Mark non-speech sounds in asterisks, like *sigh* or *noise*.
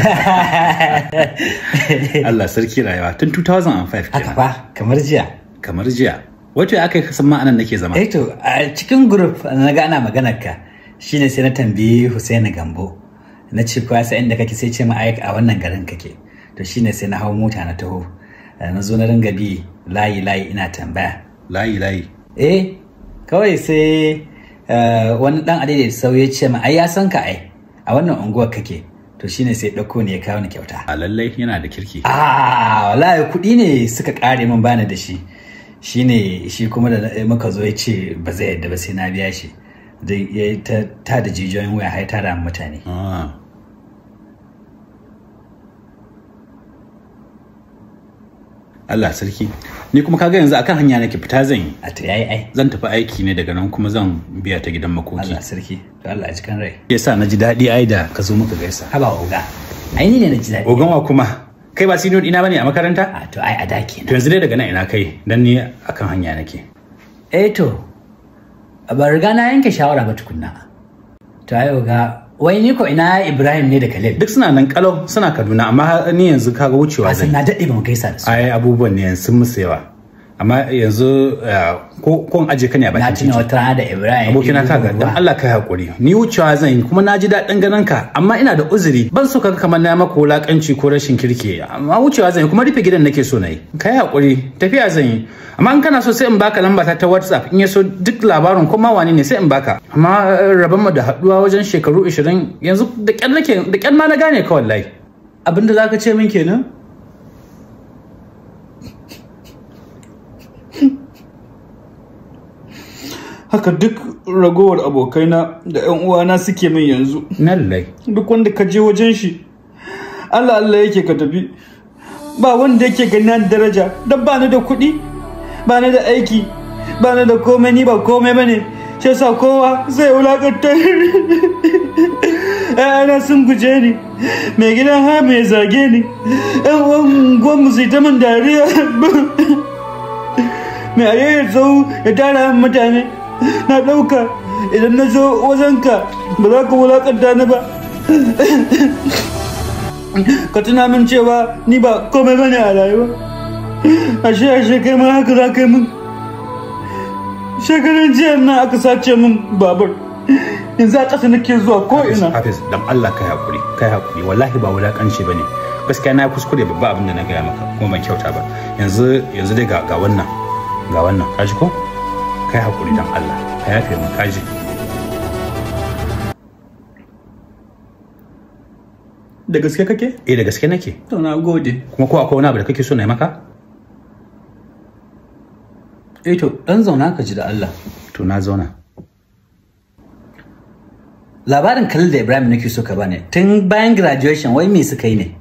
*laughs* Allah sarki rayuwa tun 2005 haka ba kamar jiya kamar jiya wato aka yi kasan ma'anan nake zama eh to a cikin group na ga ana maganar ka shine sai na tambayi Hussein Gambo na ce ko sai inda kake sai ce ma a wannan garin kake to shine sai na hau mota na taho eh, na zo na ringa bi layi layi ina tambaya layi layi eh kawai sai eh, wani dan adai da sauye ce ma ai ya san ka ai a wannan unguwar kake to shine sai ɗauko ne ya kawo ni kyauta a lallai yana da kirki a wallahi kuɗi ne suka ƙare min bani da shi shine shi kuma da muka zo ya ce ba zai yadda ba sai na biya shi da ta da jijiyoyin waya har tara mutane ah. Allah sarki ni kuma kaga yanzu akan hanya nake fita zan yi a ta yayi ai zan tafi aiki ne daga nan kuma zan biya ta gidan makoki Allah sarki to Allah ya cikan rai yasa na ji daɗi ai da ka zo muka gaisa haba oga ai ni ne na ji daɗi ogan wa kuma kai ba senior ina bane a makaranta a to ai a da kenan to yanzu dai daga nan ina kai dan ni akan hanya nake eh to ba riga na yanke shawara ba tukunna to ai oga wai ni ko ina Ibrahim ne da Khalil duk suna nan kalau suna Kaduna amma ni yanzu kaga wucewa zai na dade ba mu gaisa da su ai abubuwan ne yanzu sun musu yawa amma yanzu ko ko aje ka ne a bakin titi na wata da Ibrahim abokina ka ga dan Allah kai hakuri ni wucewa zan yi kuma na ji daɗin ganin ka amma ina da uzuri ban so ka kamar na maka wulakanci ko rashin kirki amma wucewa zan yi kuma rufe gidan nake so na yi kai hakuri tafiya zan yi amma in kana so sai in baka lamba ta ta WhatsApp in ya so duk labarin ko wani ne sai in baka amma eh, rabon mu da haduwa wajen shekaru 20 yanzu da kyan nake da kyan ma na gane ka wallahi abinda zaka ce min kenan haka duk ragowar abokaina da 'yan uwana suke min yanzu nallai duk wanda ka je wajen shi Allah Allah yake ka tafi ba wanda yake gani daraja don ba ni da kuɗi ba ni da aiki ba ni da komai ni ba komai bane sai sa kowa zai wulakanta ana sun guje ni mai gidan ha mai zage ni yan uwan gwamnati ta min dariya mai yayin tsawo ya tara mutane na ɗauka idan na zo wajenka ba za ka wulaƙanta ni ba ka tuna min cewa ni ba komai bane a rayuwa a shi kai ma haka za ka yi min shekaran jiya na aka sace min babur yanzu a ƙasa nake zuwa ko ina hafiz dan Allah kai hakuri kai hakuri wallahi ba wulakanci bane gaskiya na kuskure babba abin da na gaya maka kuma ban kyauta ba yanzu yanzu dai ga wannan ga wannan kaji ko kai hakuri dan Allah ka yafe mu kaji da gaske kake eh da gaske nake to na gode kuma ko akwai wani abu da kake so na yi maka eh to dan zauna ka ji da Allah to na zauna labarin kalil da Ibrahim nake so ka bane tun bayan graduation wai me suka yi ne